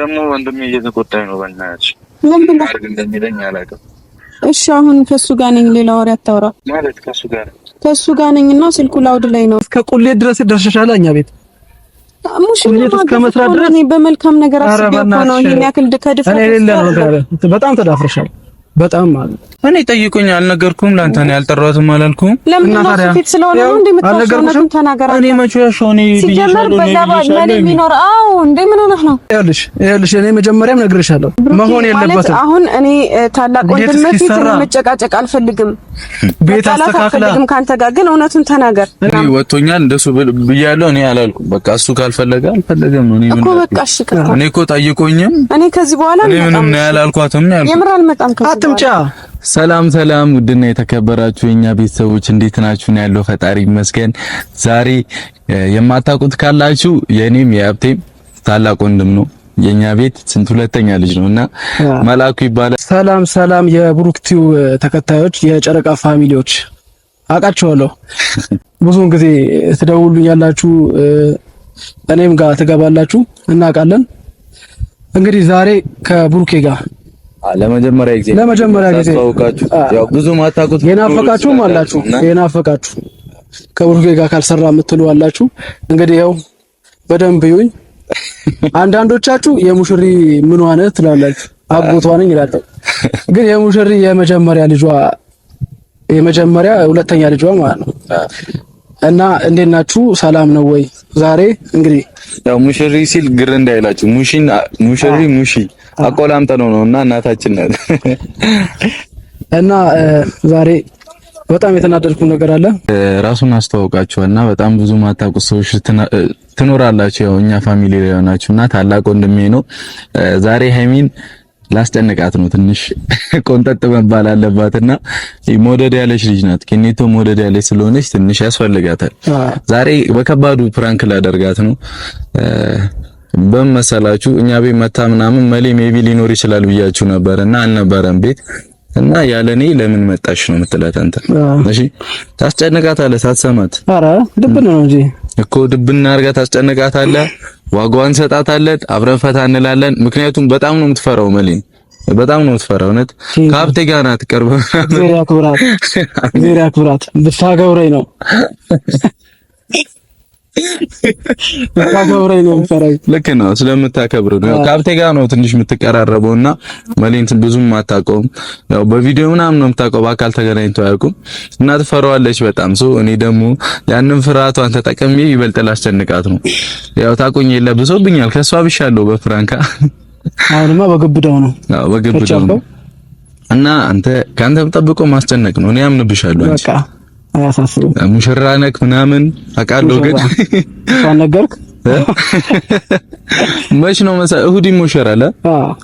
ደግሞ ወንድሜ እየተቆጣኝ ነው። በእናትሽ ወንድም ነው እንደሚለኝ አላውቅም። እሺ አሁን ከሱ ጋር ነኝ። ሌላ ወሬ አታውራ ማለት ከሱ ጋር ከሱ ጋር ነኝ እና ስልኩ ላውድ ላይ ነው። እስከ ቁሌት ድረስ ደርሰሻል እኛ ቤት ሙሽሌት እስከ መስራት ድረስ በመልካም ነገር አስቤው እኮ ነው ይሄን ያክል ከድፍረት በጣም ተዳፍረሻል። በጣም ማለት እኔ ጠይቁኝ፣ አልነገርኩም። ላንተ ነው ያልጠራሁትም አላልኩም። ለምን ነው ስለሆነ ነው እንዴ የምትወሽው? ተናገራ እኔ መቼ ያሻው ሲጀመር በዛ ባል የሚኖር አው እንዴ ምን ነው? ይኸውልሽ ይኸውልሽ፣ እኔ መጀመሪያም ነግርሻለሁ መሆን የለበትም። አሁን እኔ ታላቅ ወንድም ፊት መጨቃጨቅ አልፈልግም። ቤት አስተካክላ ካንተ ጋር ግን እውነቱን ተናገር። እኔ ወጥቶኛል እንደሱ ብያለሁ። እኔ አላልኩም። በቃ እሱ ካልፈለገ አልፈለገም። ነው። እኔ ምን እኮ በቃ እሺ፣ እኔ እኮ ጠይቆኝም እኔ ከዚህ በኋላ ምንም ነው ያላልኳትም ያልኩት የምር አልመጣም ከዚህ አትምጫ። ሰላም ሰላም፣ ውድና የተከበራችሁ የኛ ቤተሰቦች እንዴት ናችሁ? ነው ያለው። ፈጣሪ ይመስገን። ዛሬ የማታውቁት ካላችሁ የኔም የሀብቴም ታላቅ ወንድም ነው የኛ ቤት ስንት ሁለተኛ ልጅ ነው እና መልአኩ ይባላል። ሰላም ሰላም፣ የብሩክቲው ተከታዮች የጨረቃ ፋሚሊዎች አውቃቸዋለሁ። ብዙውን ጊዜ ትደውሉኛላችሁ፣ እኔም ጋር ትገባላችሁ፣ እናውቃለን። እንግዲህ ዛሬ ከብሩኬ ጋር ለመጀመሪያ ጊዜ ለመጀመሪያ ጊዜ ታውቃችሁ፣ ያው ብዙ ማታቁት የናፈቃችሁም አላችሁ የናፈቃችሁ ከብሩኬ ጋር ካልሰራ የምትሉ አላችሁ። እንግዲህ ያው በደንብ ይሁን። አንዳንዶቻችሁ የሙሽሪ ምን ሆነ ትላላችሁ፣ አጎቷ ነኝ ይላል። ግን የሙሽሪ የመጀመሪያ ልጇ የመጀመሪያ ሁለተኛ ልጇ ማለት ነው። እና እንዴት ናችሁ? ሰላም ነው ወይ? ዛሬ እንግዲህ ያው ሙሽሪ ሲል ግር እንዳይላችሁ ሙሽሪ ሙሽሪ አቆላምጠ ነው ነው እና እናታችን ናት። እና ዛሬ በጣም የተናደድኩ ነገር አለ። ራሱን እና በጣም ብዙ ማታውቁት ሰዎች ትኖራላችሁ። ያው እኛ ፋሚሊ ላይ ሆናችሁ እና ታላቅ ወንድሜ ነው። ዛሬ ሀይሚን ላስጨንቃት ነው። ትንሽ ቆንጠጥ መባል አለባትና ሞደድ ያለች ልጅ ናት። ኪኒቶ ሞደድ ያለች ስለሆነች ትንሽ ያስፈልጋታል። ዛሬ በከባዱ ፕራንክ ላደርጋት ነው። በመሰላችሁ እኛ ቤት መታ ምናምን መሌ ሜቢ ሊኖር ይችላል ብያችሁ ነበር እና አልነበረም ቤት እና ያለኔ ለምን መጣሽ ነው የምትላት አንተ። እሺ ታስጨንቃታለህ፣ ሳትሰማት። አረ ድብን ነው እንጂ እኮ ድብን አድርጋ ታስጨንቃታለህ። ዋጋዋን ሰጣታለን፣ አብረን ፈታ እንላለን። ምክንያቱም በጣም ነው የምትፈራው መሌ በጣም ነው የምትፈራው። እውነት ከሀብቴ ጋር ናት ቅርብ። ዜሪያ ኩራት፣ ዜሪያ ኩራት ብታገብረኝ ነው ልክ ነው። ስለምታከብር ነው። ካብቴ ጋር ነው ትንሽ የምትቀራረበው እና መሌንት ብዙም አታውቀውም። ያው በቪዲዮ ምናምን ነው የምታውቀው፣ በአካል ተገናኝተው አያውቁም እና ትፈራዋለች በጣም ሰው። እኔ ደግሞ ያንን ፍርሃቷን ተጠቅሜ ይበልጥ ላስጨንቃት ነው። ያው ታቆኝ የለ ብሶብኛል። ከሷ ብሻለሁ በፍራንካ አሁንማ በግብዳው ነው። አዎ በግብዳው ነው እና አንተ ካንተ የምጠብቀው ማስጨነቅ ነው። እኔ አምንብሻለሁ አንቺ አያሳስብም። ሙሽራ ነክ ምናምን አውቃለሁ፣ ግን ሳነገርክ መች ነው መሰለህ? እሁድ ይሞሸራል።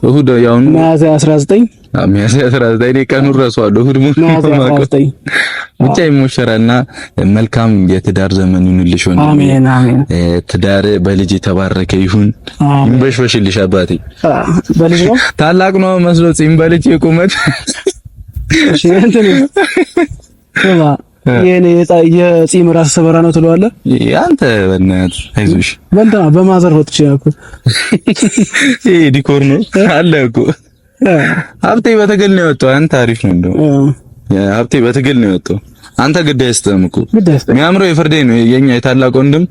እሁድ ያው ሚያዝያ 19 ሚያዝያ 19 ቀኑን እሁድ ብቻ ይሞሸራልና መልካም የትዳር ዘመን ይሁንልሽ። ወንድሜ አሜን አሜን። ትዳር በልጅ የተባረከ ይሁን። ይንበሽበሽልሽ አባቴ። በልጅ ነው ታላቅ ነው መስሎ ጺም በልጅ የቁመት የኔ የፂም ራስ ሰበራ ነው ትለዋለህ። አንተ በእናትህ አይዞሽ በእንትና በማዘር ወጥቼ እኮ ይሄ ዲኮር ነው አለ እኮ ሀብቴ በትግል ነው የወጣው። አንተ አሪፍ ነው እንደው ሀብቴ በትግል ነው የወጣው። አንተ ግድ አይሰጥህም እኮ የሚያምረው የፍርዴ ነው። የኛ የታላቅ ወንድም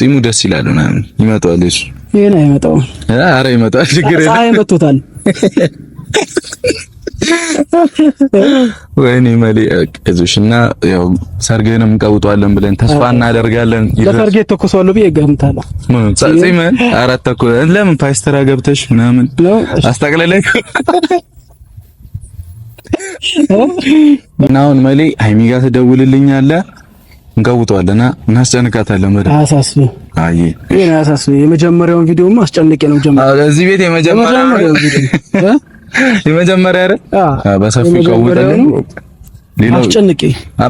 ፂሙ ደስ ይላል ምናምን ይመጣዋል። እሱ ይሄን አይመጣውም። ኧረ ይመጣዋል፣ ችግር የለም። ፀሐይ መቶታል ወይኔ መሌ አይዞሽ። እና ያው ሰርግህንም እንቀውጠዋለን ብለን ተስፋ እናደርጋለን። ለሰርጌ ተኩሷል ብዬ ገምታለሁ። አራት ተኩል ለምን ፓስተራ ገብተሽ ምናምን አስጠቅለለኝ እና አሁን መሌ ሀይሚ ጋር ትደውልልኛለህ፣ እንቀውጠዋለና እናስጨንቃታለን በደምብ አሳስቢ አይ የመጀመሪያውን ቪዲዮማ አስጨንቄ ነው ጀመረ እዚህ ቤት የመጀመሪያው የመጀመሪያ አይደል? በሰፊው ቀውጠልኝ። ሌላው አስጨንቄ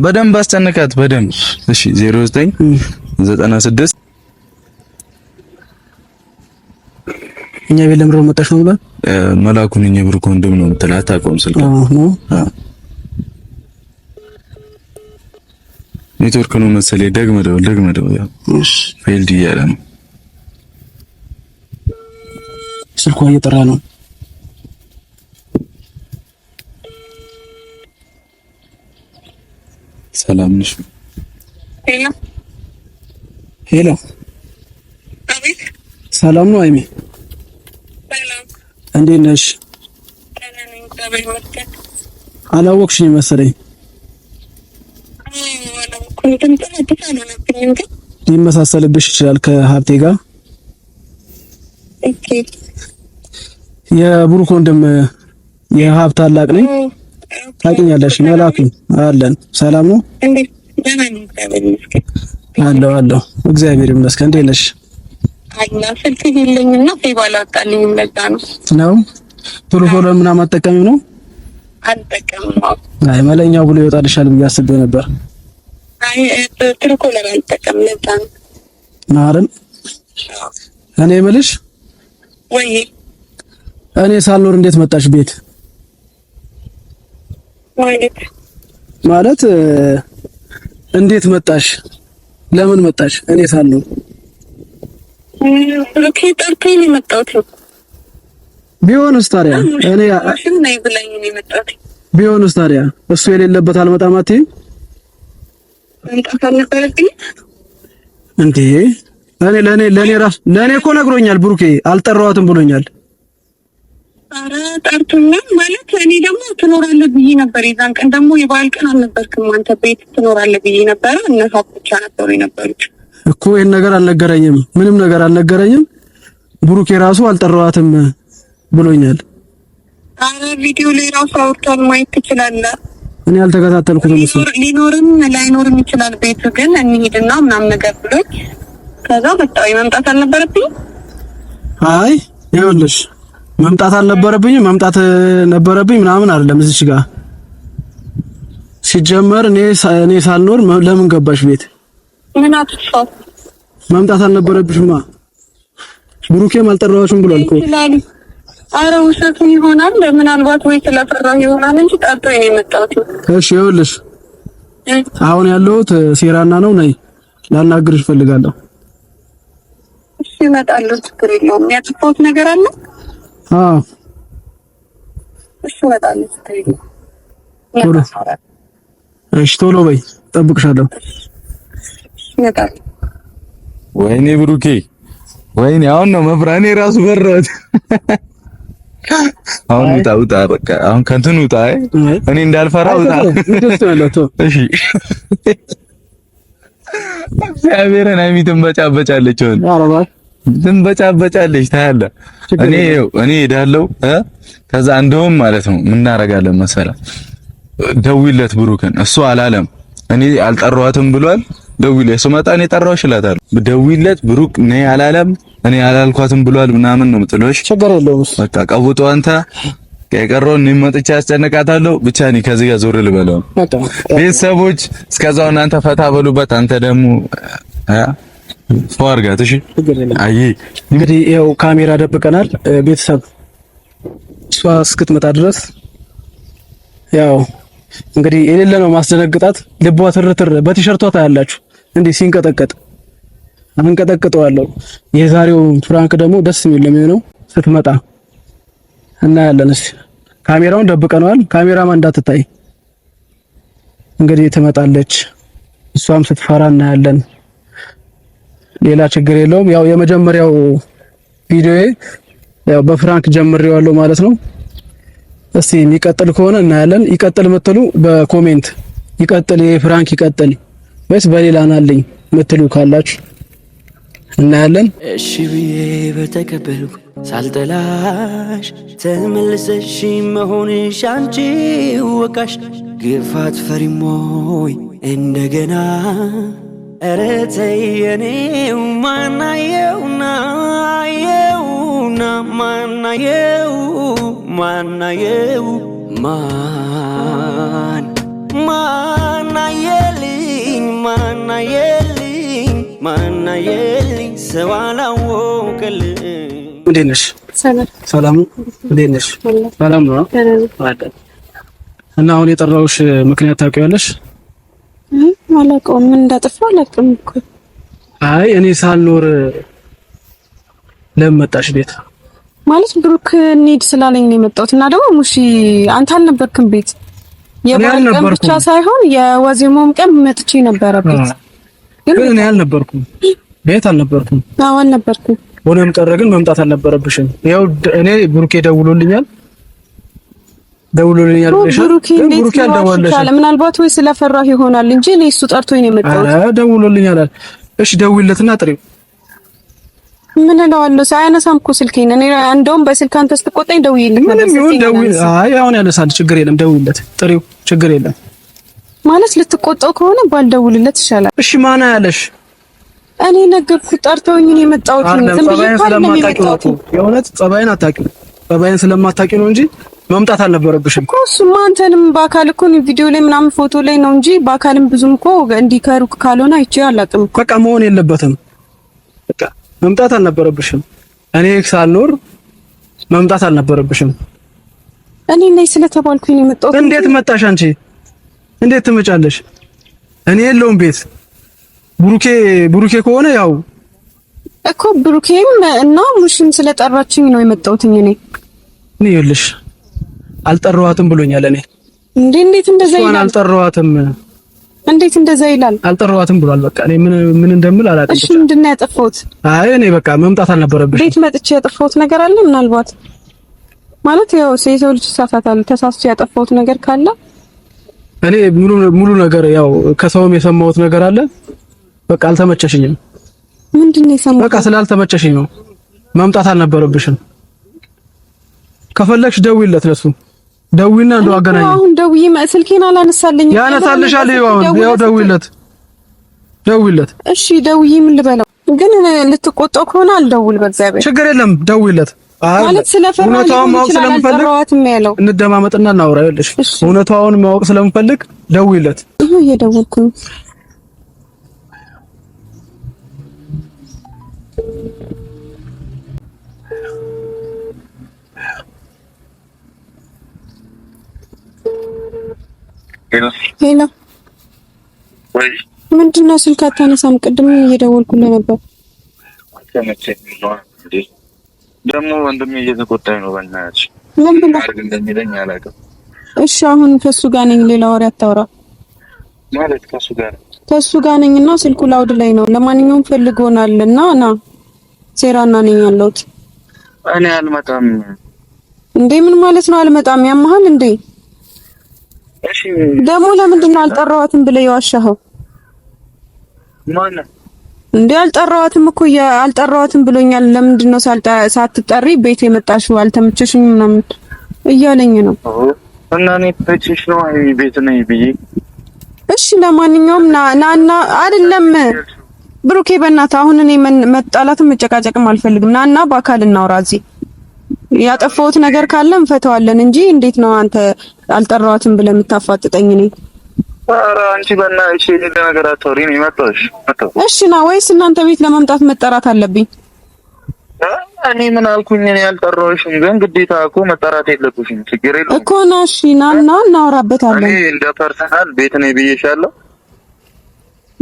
በደንብ አስጨንቃት በደንብ እሺ። 09 96 እኛ ቤት ለምሮ መጣሽ ነው ብላ መላኩን እኛ ብር ኮንዶም ነው የምትላት አታውቀውም። ስልክ ኔትወርክ ነው መሰለኝ። ደግመህ ደውል፣ ደግመህ ደውል። ያው ፌልድ እያለ ነው ስልኳ እየጠራ ነው ሰላም ነሽ? ሄሎ ሄሎ። አቤት። ሰላም ነው አይሜ? ሰላም። እንዴት ነሽ? አላወቅሽኝ መሰለኝ። ሊመሳሰልብሽ ይችላል ከሀብቴ ጋር። የብሩክ ወንድም የሀብት ታላቅ ነኝ። ታውቂኛለሽ። መላኩ አለን። ሰላም ነው አለው አለው። እግዚአብሔር ይመስገን። እንዴት ነሽ? አይና ነው ነው ምናምን አጠቀሚው ነው አይ መለኛው ብሎ ይወጣልሻል ብዬ አስቤ ነበር። አይ ነው እኔ የምልሽ ወይ እኔ ሳልኖር እንዴት መጣሽ ቤት? ማለት እንዴት መጣሽ? ለምን መጣሽ? እኔ ሳለው ብሩኬ ጠርቶኝ ቢሆንስ ታዲያ እኔ ቢሆንስ ታዲያ እሱ የሌለበት አልመጣም አትይም እንዴ? እኔ ለኔ ለኔ ራሱ ለኔ እኮ ነግሮኛል ብሩኬ አልጠራዋትም ብሎኛል። ኧረ ጠርቶኛል ማለት እኔ ደግሞ ትኖራለህ ብዬ ነበር። የዛን ቀን ደግሞ የበዓል ቀን አልነበርክም አንተ ቤት ትኖራለህ ብዬ ነበረ። እነሱ ብቻ ነበሩ የነበሩት እኮ። ይህን ነገር አልነገረኝም፣ ምንም ነገር አልነገረኝም። ብሩኬ ራሱ አልጠራዋትም ብሎኛል። አረ ቪዲዮ ላይ ራሱ አውርቷል፣ ማየት ትችላለህ። እኔ አልተከታተልኩም። ሊኖርም ላይኖርም ይችላል። ቤቱ ግን እንሂድና ምናምን ነገር ብሎኝ ከዛ በቃ መምጣት አልነበረብኝ። አይ ይኸውልሽ መምጣት አልነበረብኝም መምጣት ነበረብኝ ምናምን አይደለም። እዚች ጋር ሲጀመር እኔ እኔ ሳልኖር ለምን ገባሽ ቤት? ምን አትፈው መምጣት አልነበረብሽማ። ብሩኬም አልጠራሁሽም ብሏል እኮ። አረ ውሸቱ ይሆናል ምናልባት ወይ ስለፈራሁ ይሆናል እንጂ ጠርቶ ነው የመጣሁት። እሺ ይኸውልሽ፣ አሁን ያለሁት ሴራና ነው። ነይ ላናግርሽ እፈልጋለሁ። እሺ እመጣለሁ፣ ችግር የለውም። ያጥፎት ነገር አለ እሱ እሺ፣ ቶሎ በይ ጠብቅሻለሁ። ወይኔ ብሩኬ፣ ወይኔ አሁን ነው መፍራኔ እኔ ራሱ በረሁት። አሁን ውጣ ውጣ፣ በቃ አሁን ከእንትን ውጣ። እኔ እንዳልፈራ ውጣ። እሺ፣ እግዚአብሔርን አይሚትን በጫበጫለች። ትንበጫበጫለች ታያለ። እኔ እኔ እሄዳለሁ። ከዛ እንደውም ማለት ነው የምናረጋለን መሰለህ፣ ደውይለት ብሩክን። እሱ አላለም እኔ አልጠራኋትም ብሏል። ደውይለት ስመጣ እኔ ጠራሁሽ እላታለሁ። ደውይለት ብሩክ ነይ አላለም እኔ አላልኳትም ብሏል ምናምን ነው የምጥሎሽ። ችግር የለውም በቃ ቀውጦ አንተ የቀረውን እኔም መጥቼ አስጨንቃታለሁ። ብቻ እኔ ከዚህ ጋር ዞር ልበለው። ቤተሰቦች እስከዛው እናንተ ፈታ በሉበት። አንተ ደግሞ ሰው እሺ አይ እንግዲህ ይኸው ካሜራ ደብቀናል። ቤተሰብ እሷ እስክትመጣ ድረስ ያው እንግዲህ የሌለ ነው ማስደነግጣት። ልቧ ትርትር በቲሸርቷ ታያላችሁ እንዲህ ሲንቀጠቀጥ አንቀጠቅጠዋለሁ። የዛሬው ፍራንክ ደግሞ ደስ የሚል የሚሆነው ስትመጣ እናያለን። እስኪ ካሜራውን ደብቀነዋል። ካሜራማን እንዳትታይ እንግዲህ ትመጣለች። እሷም ስትፈራ እናያለን። ሌላ ችግር የለውም። ያው የመጀመሪያው ቪዲዮዬ ያው በፍራንክ ጀምሬዋለሁ ማለት ነው። እስቲ የሚቀጥል ከሆነ እናያለን። ይቀጥል ምትሉ በኮሜንት ይቀጥል፣ ይሄ ፍራንክ ይቀጥል ወይስ በሌላ ናለኝ ምትሉ ካላችሁ እናያለን። እሺ ብዬ በተቀበልኩ ሳልጠላሽ ተመልሰሽ መሆንሽ አንቺ ወቃሽ ግፋት ፈሪሞይ እንደገና እረ ተይ የኔው ማናየውና የውና ማናየው ማናየው ማን ማናየልኝ ማናየልኝ ማናየልኝ ሰው አላወቀልኝ። እንዴት ነሽ? ሰላም እንዴት ነሽ? ሰላም ነው። እና አሁን የጠራሁሽ ምክንያት ታውቂዋለሽ? አላውቀውም፣ ምን እንዳጠፋው አላውቅም እኮ። አይ እኔ ሳልኖር ለምን መጣሽ ቤት? ማለት ብሩክ እንሂድ ስላለኝ ነው የመጣሁት። እና ደግሞ ሙሺ አንተ አልነበርክም ቤት። የበዓል ቀን ብቻ ሳይሆን የወዜማውም ቀን መጥቼ ነበረ ቤት፣ ግን እኔ አልነበርኩም ቤት አልነበርኩም። አዎ አልነበርኩም። ሆነም ቀረ ግን መምጣት አልነበረብሽም። ያው እኔ ብሩክ ደውሎልኛል ደውሎልኛል ብሩኬ አልደወለሽም። ምናልባት ወይ ስለፈራሁ ይሆናል እንጂ እኔ እሱ ጠርቶኝ ነው የመጣሁት። አረ ደውሎልኛል እሺ ደውይለትና ጥሪው። ምን እለዋለሁ? እኮ ስልኬን እኔ እንደውም በስልክ አንተ ስትቆጣኝ ምንም ይሁን ደውይ። አይ አሁን ያነሳል፣ ችግር የለም ደውይለት፣ ጥሪው፣ ችግር የለም ማለት ልትቆጣው ከሆነ ባልደውልለት ይሻላል። እሺ ማና ያለሽ እኔ ጠርተውኝ ነው የመጣሁት። ዝም ነው የመጣሁት። የእውነት ጸባይን አታውቂው፣ ጸባይን ስለማታውቂው ነው እንጂ መምጣት አልነበረብሽም እኮ እሱማ አንተንም በአካል እኮ ቪዲዮ ላይ ምናምን ፎቶ ላይ ነው እንጂ በአካልም ብዙም እኮ እንዲህ ከሩቅ ካልሆነ አይቼ አላውቅም። በቃ መሆን የለበትም በቃ መምጣት አልነበረብሽም። እኔ ሳልኖር መምጣት አልነበረብሽም። እኔ ላይ ስለተባልኩኝ የመጣሁት እንዴት መጣሽ አንቺ? እንዴት ትመጫለሽ? እኔ የለውም ቤት ብሩኬ ብሩኬ ከሆነ ያው እኮ ብሩኬም እና ሙሽም ስለጠራችኝ ነው የመጣሁት እኔ ይኸውልሽ አልጠራዋትም ብሎኛል። እኔ እንዴ እንዴት እንደዛ ይላል? አልጠራዋትም እንዴት እንደዛ ይላል? አልጠራዋትም ብሏል። በቃ እኔ ምን ምን እንደምል አላውቅም። እሺ ምንድን ነው ያጠፋሁት? አይ እኔ በቃ መምጣት አልነበረብሽ። ቤት መጥቼ ያጠፋሁት ነገር አለ ምናልባት ማለት ያው የሰው ልጅ ይሳሳታል። ተሳስቶ ያጠፋሁት ነገር ካለ እኔ ሙሉ ሙሉ ነገር ያው ከሰውም የሰማሁት ነገር አለ። በቃ አልተመቸሽኝም። ምንድን ነው የሰማሁት? በቃ ስላልተመቸሽኝ ነው። መምጣት አልነበረብሽም። ከፈለግሽ ደውይለት ለሱ ደዊና እንደው አገናኝ። አሁን ደውዬ ስልኬን አላነሳልኝ። ያነሳልሻል። ይኸው ያው ደውይለት፣ ደውይለት። እሺ ደውዬ ምን ልበለው ግን ልትቆጣው ከሆነ አልደውል። በእግዚአብሔር ችግር የለም ደውይለት። ማለት ስለፈራ እውነታውን ማወቅ ስለምፈልግ እንደማመጥና እናውራ። ይኸውልሽ እውነታውን ማወቅ ስለምፈልግ ደውይለት። እየደወልኩኝ ሄሎ፣ ምንድን ነው ስልክ አታነሳም? ቅድም እየደወልኩልህ ነበር። ደግሞ ወንድሜ እየተቆጣኝ ነው። በእናትሽ ለምን አድርግ እንደሚለኝ አላውቅም። እሺ፣ አሁን ከሱ ጋር ነኝ። ሌላ ወሬ አታውራ ማለት ከሱ ጋር ከሱ ጋር ነኝ እና ስልኩ ላውድ ላይ ነው። ለማንኛውም ፈልጎናል እና ና ሴራና ነኝ ያለሁት እኔ አልመጣም። እንዴ ምን ማለት ነው አልመጣም? ያመሃል እንዴ? ደግሞ ለምንድን ነው አልጠራዋትም ብለህ የዋሻኸው? ማነው እንዴ? አልጠራዋትም እኮ አልጠራዋትም ብሎኛል። ለምንድን ነው ሳትጠሪ ቤት የመጣሽው? አልተመቸሽኝ ምናምን እያለኝ ነው። እና እኔ ተመቸሽ ነው አይ ቤት ነኝ ብዬ እሺ ለማንኛውም ና ና አይደለም ብሩኬ፣ በእናትህ አሁን እኔ መጣላትም መጨቃጨቅም አልፈልግም። ናና በአካል እናውራ እዚህ ያጠፋሁት ነገር ካለ እንፈተዋለን እንጂ እንዴት ነው አንተ አልጠራዋትም ብለህ የምታፋጥጠኝ? እኔ ኧረ አንቺ በእናትሽ የሌለ ነገር አታወሪም። የመጣሁሽ እሺ ና ወይስ እናንተ ቤት ለመምጣት መጠራት አለብኝ? እኔ ምን አልኩኝ? እኔ አልጠራሁሽም፣ ግን ግዴታ እኮ መጠራት የለብሽም። ችግር የለውም እኮ ና። እሺ ና እና እናወራበታለን። እኔ እንደ ፐርሰናል ቤት ነው ብዬሻለሁ።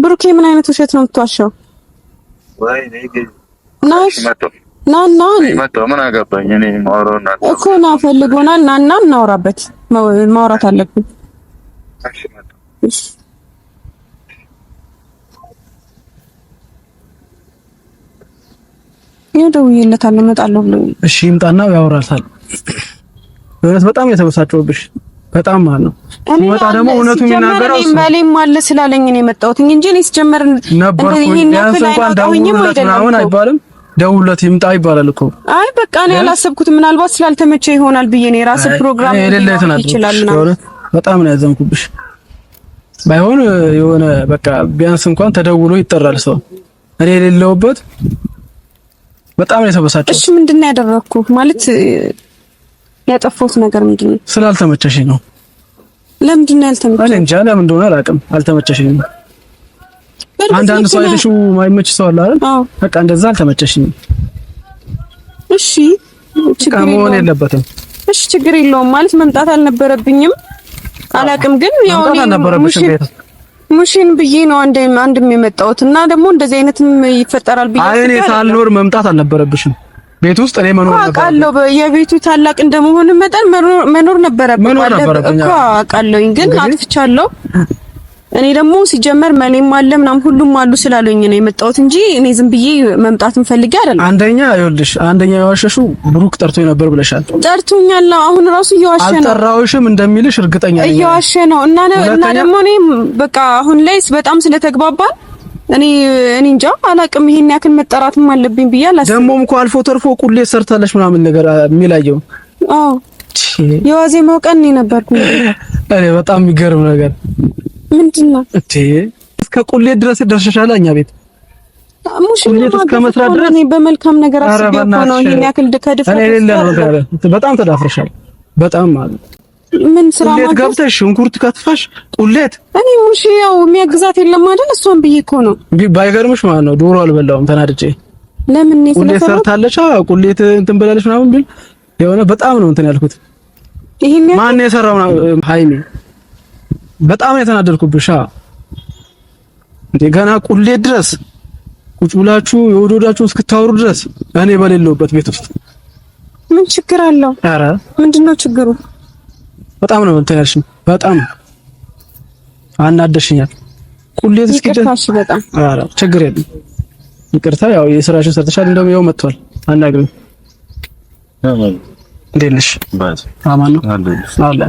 ብሩኬ ምን አይነት ውሸት ነው የምትዋሻው? ወይ ነይ ግን ነይ ናና ምን አገባኝ እኔ እኮ ና ፈልጎናል። ናና እናውራበት፣ ማውራት አለብን። ደውዬለታለሁ፣ እመጣለሁ ብሎ እሺ፣ ይምጣና ያወራታል። እውነት በጣም የተበሳጨሁብሽ በጣም ማለት ነው። ሲመጣ ደግሞ እውነቱ የሚናገረው እሱ በሌም አለ ስላለኝ ነው የመጣሁት እንጂ እኔ ስጀመር እንደዚህ ይሄን ያክል አይባልም። ደውለት ይምጣ ይባላል እኮ። አይ በቃ እኔ አላሰብኩትም። ምናልባት ስላልተመቸ ይሆናል ብዬ ነው። የራስህ ፕሮግራም ይችላል ምናምን። በጣም ነው ያዘንኩብሽ። ባይሆን የሆነ በቃ ቢያንስ እንኳን ተደውሎ ይጠራል ሰው። እኔ የሌለውበት በጣም ነው የተበሳጨው። እሺ ምንድን ነው ያደረኩት? ማለት ያጠፋሁት ነገር ምንድን ነው? ስላልተመቸሽ ነው። ለምንድን ነው ያልተመቸሽ? እኔ እንጃ ለምን እንደሆነ አላውቅም። አልተመቸሽም አንዳንድ ሰው አይተሽው ማይመች ሰው አለ አይደል? በቃ እንደዛ አልተመቸሽኝም። እሺ ችግር መሆን የለበትም። እሺ ችግር የለውም ማለት መምጣት አልነበረብኝም። አላቅም ግን ያው አልነበረብሽም ቤት ሙሽን ብዬ ነው አንድ አንድም የመጣሁት እና ደግሞ እንደዚህ አይነትም ይፈጠራል ብዬ አይ እኔ ሳልኖር መምጣት አልነበረብሽም። ቤት ውስጥ እኔ መኖር ነበር አውቃለሁ። የቤቱ ታላቅ እንደመሆን መጠን መኖር ነበረብኝ ማለት እኮ አውቃለሁኝ፣ ግን አጥፍቻለሁ እኔ ደግሞ ሲጀመር መኔም አለ ምናምን ሁሉም አሉ ስላሉኝ ነው የመጣሁት እንጂ እኔ ዝም ብዬ መምጣትን ፈልጌ አይደለም። አንደኛ ይኸውልሽ፣ አንደኛ የዋሸሹ ብሩክ ጠርቶ ነበር ብለሻል። ጠርቶኛል። አሁን ራሱ እየዋሸ ነው። አልጠራሁሽም እንደሚልሽ እርግጠኛ ነኝ። እየዋሸ ነው እና እና ደግሞ እኔ በቃ አሁን ላይስ በጣም ስለተግባባን እኔ እኔ እንጃ አላቅም። ይሄን ያክል መጠራትም አለብኝ ብያል። አላስብም። ደግሞም እኮ አልፎ ተርፎ ቁሌ ሰርታለሽ ምናምን ነገር የሚላየው አዎ፣ የዋዜማው ቀን እኔ በጣም የሚገርም ነገር ምንድነው እስከ ቁሌት ድረስ ደርሰሻል። እኛ ቤት በመልካም ነገር በጣም ተዳፍረሻል። በጣም ምን ስራ ቁሌት ገብተሽ ሽንኩርት ከትፈሽ ቁሌት። እኔ ሙሽ ያው የሚያግዛት የለም አይደል? እሷን ብዬ እኮ ነው። ባይገርምሽ ማለት ነው ዶሮ አልበላሁም ተናድጄ። ለምን ቁሌት ሰርታለች፣ ቁሌት እንትን ብላለች ምናምን ቢል የሆነ በጣም ነው እንትን ያልኩት። ይሄን ማን የሰራው ሃይሚ በጣም ነው የተናደድኩብሽ። እንዴ ገና ቁሌት ድረስ ቁጭ ብላችሁ የወዶዳችሁ እስክታወሩ ድረስ እኔ በሌለውበት ቤት ውስጥ ምን ችግር አለው? አረ ምንድነው ችግሩ? በጣም ነው እንትን ያልሽኝ። በጣም አናደሽኛል። ቁሌት እስኪደርስ በጣም አረ ችግር የለም ይቅርታ። ያው የስራሽን ሰርተሻል። እንደውም ያው መጥቷል። አናግሪኝ። እንዴት ነሽ? አማን ነው አለ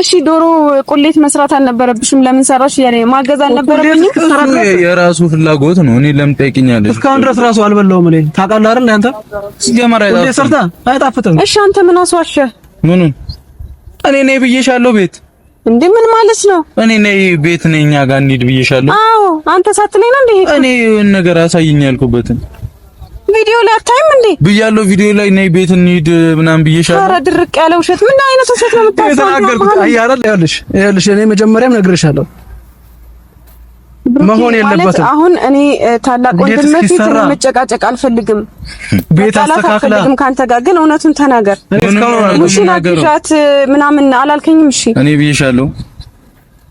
እሺ ዶሮ ቁሌት መስራት አልነበረብሽም? ለምን ሰራሽ? ያኔ ማገዝ አልነበረብኝ? የራሱ ፍላጎት ነው። እኔ ለምን ጠይቅኛለሽ? እስካሁን ድረስ ራሱ አልበላውም። እኔ ታውቃለህ አይደል? አንተ ሲጀመር ሰርታ አይጣፍጥም። እሺ አንተ ምን አስዋሸ? ምኑን? እኔ ነኝ ብዬሻለሁ ቤት እንዴ ምን ማለት ነው? እኔ ነኝ ቤት ነኝ፣ እኛ ጋር እንሂድ ብዬሻለሁ። አዎ አንተ ሳትለኝ ነው እንዴ? እኔ ነገር አሳይኝ ያልኩበትን ቪዲዮ ላይ አታይም እንዴ ብያለሁ። ቪዲዮ ላይ ነይ ቤት እንሂድ ምናምን ብዬሻለሁ። ኧረ ድርቅ ያለ ውሸት! ምን አይነት ውሸት ነው የምታሳየው? አይ አይደል፣ ይኸውልሽ፣ ይኸውልሽ እኔ መጀመሪያም ነግሬሻለሁ መሆን የለበትም። አሁን እኔ ታላቅ ወንድም ፊት መጨቃጨቅ አልፈልግም፣ ቤት አልፈልግም። ካንተ ጋር ግን እውነቱን ተናገር። ሙሽና ግዣት ምናምን አላልከኝም? እሺ እኔ ብዬሻለሁ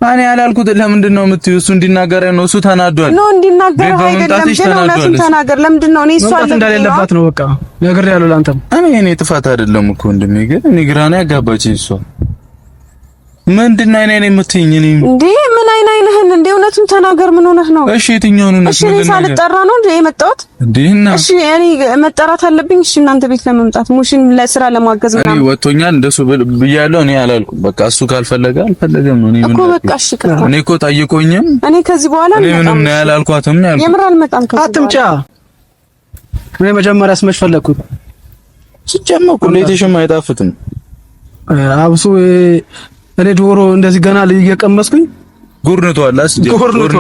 እኔ ያላልኩት ለምንድን ነው የምትይው? እሱ እንዲናገር ነው። እሱ ተናዷል። ኖ እንዲናገር አይደለም፣ ግን እውነቱን ተናገር። ለምንድን ነው እኔ እሷ እንደሌለባት ነው በቃ ነገር ያለው ላንተም። እኔ እኔ ጥፋት አይደለም እኮ እንደሚገር እኔ ግራ ነው ያጋባችኝ እሷ ምንድን ነው አይኔ የምትይኝ? እኔ እንዴ ምን አይኔ አይነህን እንዴ? እውነቱን ተናገር። ምን ሆነህ ነው? እሺ የትኛውን ነው? እሺ ሳልጠራ ነው እንዴ የመጣሁት? እንዴና እሺ እኔ መጠራት አለብኝ? እሺ እናንተ ቤት ለመምጣት ሙሽን ለስራ ለማገዝ ምናምን እኔ ወጥቶኛል እንደሱ ብያለሁ። እኔ አላልኩም። በቃ እሱ ካልፈለገ አልፈለገም። እኔ ምን እኮ በቃ እሺ ከታ እኔ እኮ ጠይቆኝም እኔ ከዚህ በኋላ እኔ ምንም ነው ያላልኳትም ያልኩ የምር አልመጣም። ከዚህ አትምጫ። እኔ መጀመሪያ ስመሽ ፈለግኩት ሲጀመር እኮ እንዴት ሽም አይጣፍጥም አብሱ እኔ ዶሮ እንደዚህ ገና እየቀመስኩኝ ጎርንቷል። አስ ጎርንቷል።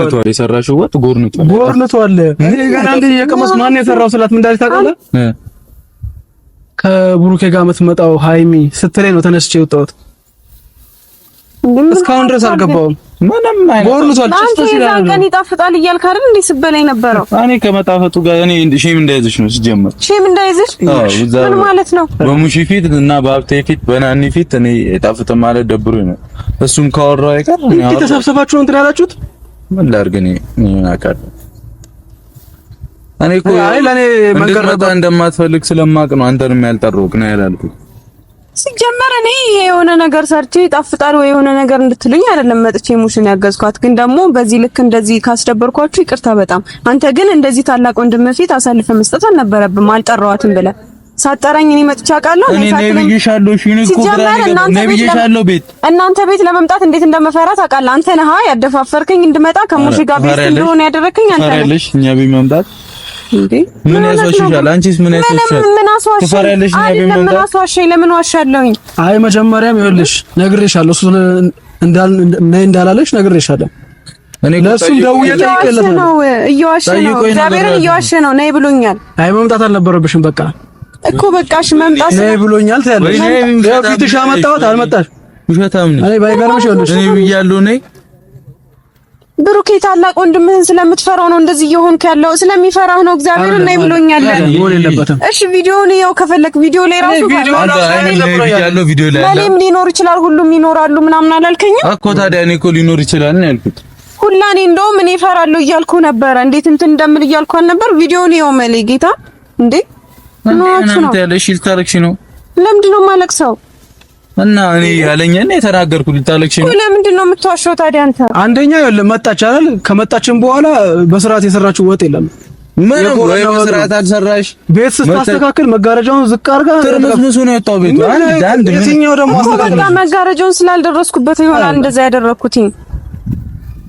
ወጥ እኔ ገና እንደዚህ ማን የሰራው ስላት ምን እንዳለች ታውቃለህ? ከብሩኬ ጋር የምትመጣው ሃይሚ ስትለኝ ነው ተነስቼ የወጣሁት። እስካሁን ድረስ አልገባውም። ምንም አይነት ጎርምቷል። ጭስ ተሲላል ቀን ይጣፍጣል እያልክ አይደል እንዴ ስበላኝ ነበረው። እኔ ከመጣፈጡ ጋር እኔ ሼም እንዳይዝሽ ነው ሲጀመር። ሼም እንዳይዝሽ ምን ማለት ነው? በሙሺ ፊት እና በሀብቴ ፊት በናኒ ፊት እኔ የጣፍጥ ማለት ደብሮኝ ነው። እሱም ካወራ አይቀር እኔ ተሰብስባችሁ እንትን ያላችሁት ምን ላድርግ እኔ ምን አውቃለሁ። እኔ እኮ አይ ለኔ መንገር እንደማትፈልግ ስለማቅ ነው አንተንም ያልጠራሁህ ነው ያላልኩት ሲጀመር እኔ የሆነ ነገር ሰርቼ ይጣፍጣል ወይ የሆነ ነገር እንድትሉኝ አይደለም መጥቼ ሙሽን ያገዝኳት። ግን ደግሞ በዚህ ልክ እንደዚህ ካስደበርኳችሁ ይቅርታ በጣም። አንተ ግን እንደዚህ ታላቅ ወንድም ፊት አሳልፈ መስጠት አልነበረብም። አልጠራዋትም ብለህ ሳጠራኝ እኔ መጥቼ አውቃለሁ። እኔ ነብይሻለሁ። እሺ ነው ነብይሻለሁ። ቤት እናንተ ቤት ለመምጣት እንዴት እንደመፈራ ታውቃለህ። አንተ ነህ ያደፋፈርከኝ እንድመጣ ከሙሽ ጋር ቤት እንደሆነ ያደረከኝ አንተ ነህ። እኛ ቤት መምጣት ምን ያስዋሽሻል? አንቺስ ምን ያስዋሽሻል? ምን አስዋሽኝ? ለምን ዋሻለሁኝ? አይ መጀመሪያም ይኸውልሽ ነግሬሻለሁ። እሱ እንዳል ነይ እንዳላለሽ ነግሬሻለሁ። እኔ ለሱም ደውዬ ጠይቄለት ነው። እየዋሸ ነው፣ እግዚአብሔርን እየዋሸ ነው። ነይ ብሎኛል። አይ መምጣት አልነበረብሽም። በቃ እኮ በቃሽ፣ መምጣት ነይ ብሎኛል ትያለሽ። ፊትሽ አመጣሁት አልመጣሽ ውሸታም ነኝ። እኔ ባይገርምሽ ይኸውልሽ እኔ ብያለሁ ነይ ብሩኬ ታላቅ ወንድምህን ስለምትፈራው ነው እንደዚህ እየሆንክ ያለው። ስለሚፈራህ ነው። እግዚአብሔር እና ይብሎኛል። እሺ ቪዲዮውን ያው ከፈለክ ቪዲዮ ላይ ራሱ ቪዲዮ ቪዲዮ ላይ ሊኖር ይችላል። ሁሉም ይኖራሉ ምናምን አላልከኝም እኮ ታዲያ። እኔ እኮ ሊኖር ይችላል ነው ያልኩት። ሁላ እኔ እንደውም እኔ እፈራለሁ እያልኩ ነበረ። እንዴት እንትን እንደምል እያልኩ አልነበር? ቪዲዮውን ያው መሌ ጌታ እንዴ ነው ነው ያለሽ ልታለቅሽ ነው። ለምንድን ነው የማለቅሰው? እና እኔ ያለኝ እኔ የተናገርኩ ልታለቅሽ ነው። ለምንድን ነው የምትዋሸው ታዲያ አንተ? አንደኛ ያለ መጣች አይደል? ከመጣችም በኋላ በስርዓት የሰራችው ወጥ የለም። ምን በስርዓት አልሰራሽ። ቤት ስታስተካክል መጋረጃውን ዝቅ አርጋ ትርምስምሱ ነው የወጣው ቤቱ። አንድ የትኛው ደግሞ አስተካክል። መጋረጃውን ስላልደረስኩበት ይሆናል እንደዛ ያደረኩት።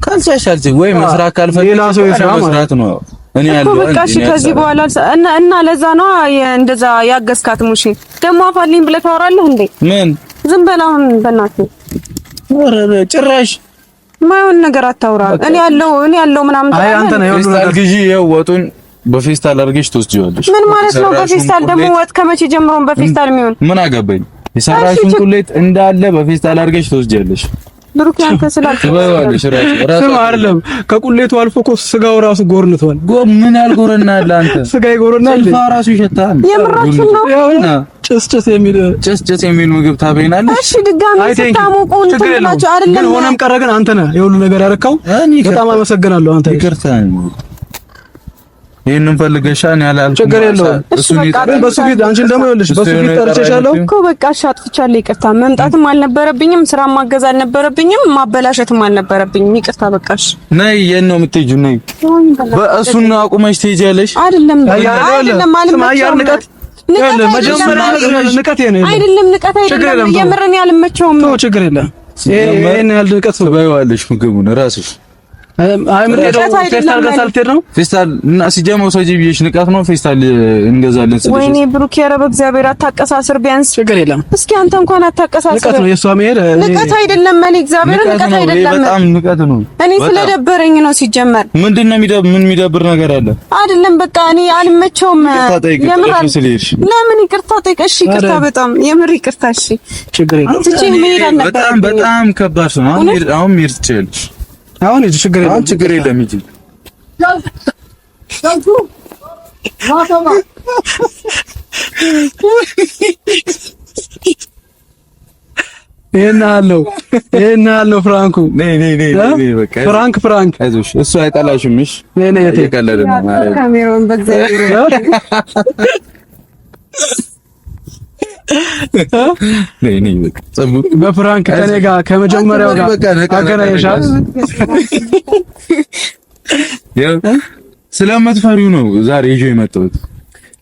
ካልቻሻል ወይ መስራት ካልፈልግ ሌላ ሰው ይሰራ መስራት ነው። እኔ ያለው በቃ እሺ፣ ከዚህ በኋላ እና እና ለዛ ነው እንደዛ ያገዝካት። ሙሽ ደግሞ አፋልኝ ብለህ ታወራለህ እንዴ? ምን ዝም በል አሁን በእናትህ። ጭራሽ ማይሆን ነገር አታውራ። እኔ ያለው እኔ ያለው ምናምን አይ አንተ ነው ፌስታል ግዢ ይኸው ወጡን በፌስታል አድርገሽ ትወስጂዋለሽ። ምን ማለት ነው በፌስታል ደግሞ ወጥ ከመቼ ጀምሮ በፌስታል የሚሆን ምን አገባኝ? የሰራሽን ቁሌት እንዳለ በፌስታል አድርገሽ ትወስጂያለሽ። ከቁሌቱ አልፎ እኮ ስጋው ራሱ ጎርንቷል። ጎ አለ አንተ ስጋ ራሱ ይሸታል። የምራችን ነው ጭስጭስ የሚል ጭስጭስ የሚል ምግብ ታበይናለሽ። እሺ ድጋሚ ስታሞቁ እንትላችሁ አይደለም። ግን ሆነም ቀረ ግን አንተ ነህ የሁሉ ነገር ያረካው። በጣም አመሰግናለሁ። አንተ ይቅርታ ይሄንን ፈልገሻ ነው ያላልኩ። ችግር የለውም እሱ ነው በሱ ፊት አንቺን ደግሞ ይኸውልሽ፣ በሱ ፊት ተርጨሻለሁ እኮ በቃ እሺ፣ አጥፍቻለሁ፣ ይቅርታ። መምጣትም አልነበረብኝም፣ ስራ ማገዝ አልነበረብኝም፣ ማበላሸትም አልነበረብኝም። ይቅርታ፣ በቃ እሺ። ነይ፣ የት ነው የምትሄጂው? ነይ። በእሱን አቁመሽ ትሄጃለሽ አይደለም? አይደለም ማለት ነው። አየር ንቀት ንቀት አይደለም፣ ንቀት አይደለም። የምርን ያልመቸውም ነው። ችግር የለም። ይሄን ያህል ንቀት ትበይዋለሽ ምግቡን እራስሽ ፌስታል እና ሲጀመው ሰው ጂቢሽ ንቀት ነው። ፌስታል እንገዛለን። ስለዚህ ወይኔ ብሩክ፣ ኧረ በእግዚአብሔር አታቀሳስር። ቢያንስ ችግር የለም። እስኪ አንተ እንኳን አታቀሳስር። ንቀት ነው የእሷ መሄድ። ንቀት አይደለም እኔ እግዚአብሔር ንቀት አይደለም፣ በጣም ንቀት ነው። እኔ ስለደበረኝ ነው ሲጀመር። ምንድን ነው የሚደብር? ምን የሚደብር ነገር አለ? አይደለም በቃ እኔ አልመቸውም። ለምን ይቅርታ ጠይቅ። እሺ ይቅርታ፣ በጣም የምር ይቅርታ። እሺ ችግር የለም። በጣም በጣም ከባድ ነው። አሁን አሁን መሄድ ትችያለሽ አሁን እዚህ ችግር የለም፣ ችግር የለም እንጂ ይሄናለው ይሄናለው ፍራንኩ ነይ ነይ ነይ በቃ ፍራንክ ፍራንክ አይዞሽ፣ እሱ አይጠላሽም። እሺ ነይ ነይ፣ እየቀለድን ነው። ካሜራውን በፍራንክ ከኔ ጋር ከመጀመሪያው ጋር አገናኝሻል። መጥፈሪው ነው ዛሬ ይዤ የመጣሁት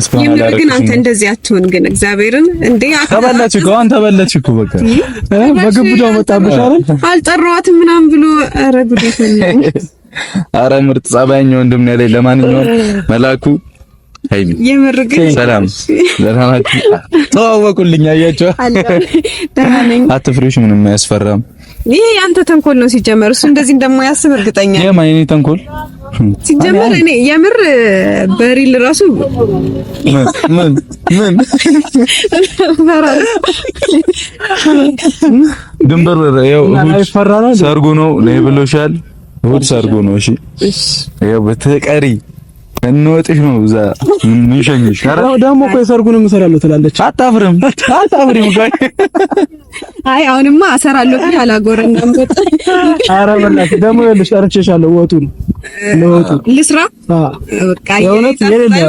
ተስፋ አላደረግኩ። ግን አንተ እንደዚህ አትሆን ግን እግዚአብሔርን እንዴ እኮ አንተ እኮ በቃ መጣብሽ አይደል? ምናምን ብሎ ኧረ ምርጥ ጸባይኛ ወንድም ነው ያለኝ። ለማንኛውም መላኩ ሃይሚ የምር ግን ሰላም ተዋወቁልኝ። አትፍሪሽ፣ ምንም አያስፈራም። ይሄ ያንተ ተንኮል ነው ሲጀመር። እሱ እንደዚህ እንደማያስብ እርግጠኛ ነኝ። የማን የኔ ተንኮል ሲጀመር? እኔ የምር በሪል ራሱ ምን ምን ምን ድንበር ያው ሰርጉ ነው ብሎሻል። እሑድ ሰርጉ ነው። እሺ ያው በተቀሪ እንወጥሽ ነው እዛ ምንሸኝሽ። ኧረ ደግሞ እኮ የሰርጉንም እሰራለሁ ትላለች። አታፍርም አታፍሪም? ጋር አይ አሁንማ እሰራለሁ አላጎረናም። ኧረ በእናትሽ ደግሞ ይኸውልሽ ቀርቼሻለሁ። ወጡን ለወጡ ልስራ ነው ችግር እሺ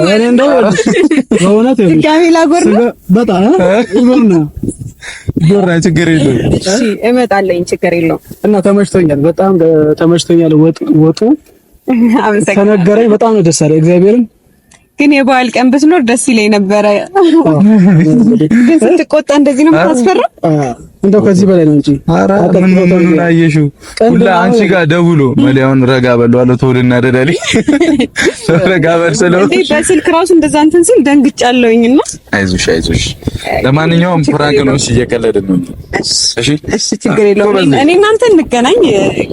ችግር እና ተመችቶኛል፣ በጣም ተመችቶኛል። ወጡ ተነገረኝ። በጣም ነው ደስ እግዚአብሔርን ግን የበዓል ቀን ብትኖር ደስ ይለኝ ነበረ። ግን ስትቆጣ እንደዚህ ነው የምታስፈራ እንደው ከዚህ በላይ ነው እንጂ ኧረ ምን ምን ምን አየሽው? ሁላ አንቺ ጋር ደውሎ መዲያውን ረጋ በለው አለ ተወልና ደዳሊ ረጋ በል ስለው እንዴ በስልክ ራሱ እንደዛ እንትን ሲል ደንግጫለሁኝና፣ አይዞሽ አይዞሽ። ለማንኛውም ፍራንክ ነው እሺ፣ እየቀለድን ነው። እሺ እሺ፣ ችግር የለውም። እኔ እናንተ እንገናኝ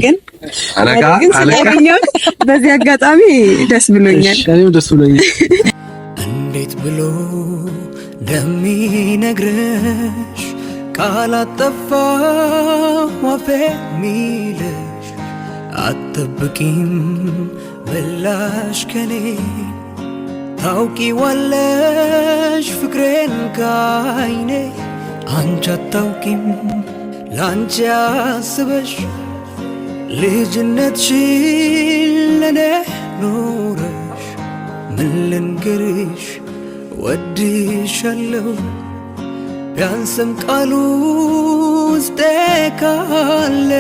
ግን አለቃ አለቃ፣ በዚህ አጋጣሚ ደስ ብሎኛል። እኔም ደስ ብሎኛል። እንዴት ብሎ እንደሚነግርሽ ቃል አጠፋሁ አፌ ሚልሽ አትጠብቂም ምላሽ ከኔ ታውቂዋለሽ ፍቅሬን ካይኔ አንቺ አታውቂም ላንቺ አስበሽ ልጅነትሽን ለኔ ኖረሽ ምን ልንገርሽ ወድሻለሁ ያንስም ቃሉ ውስጤ ካለ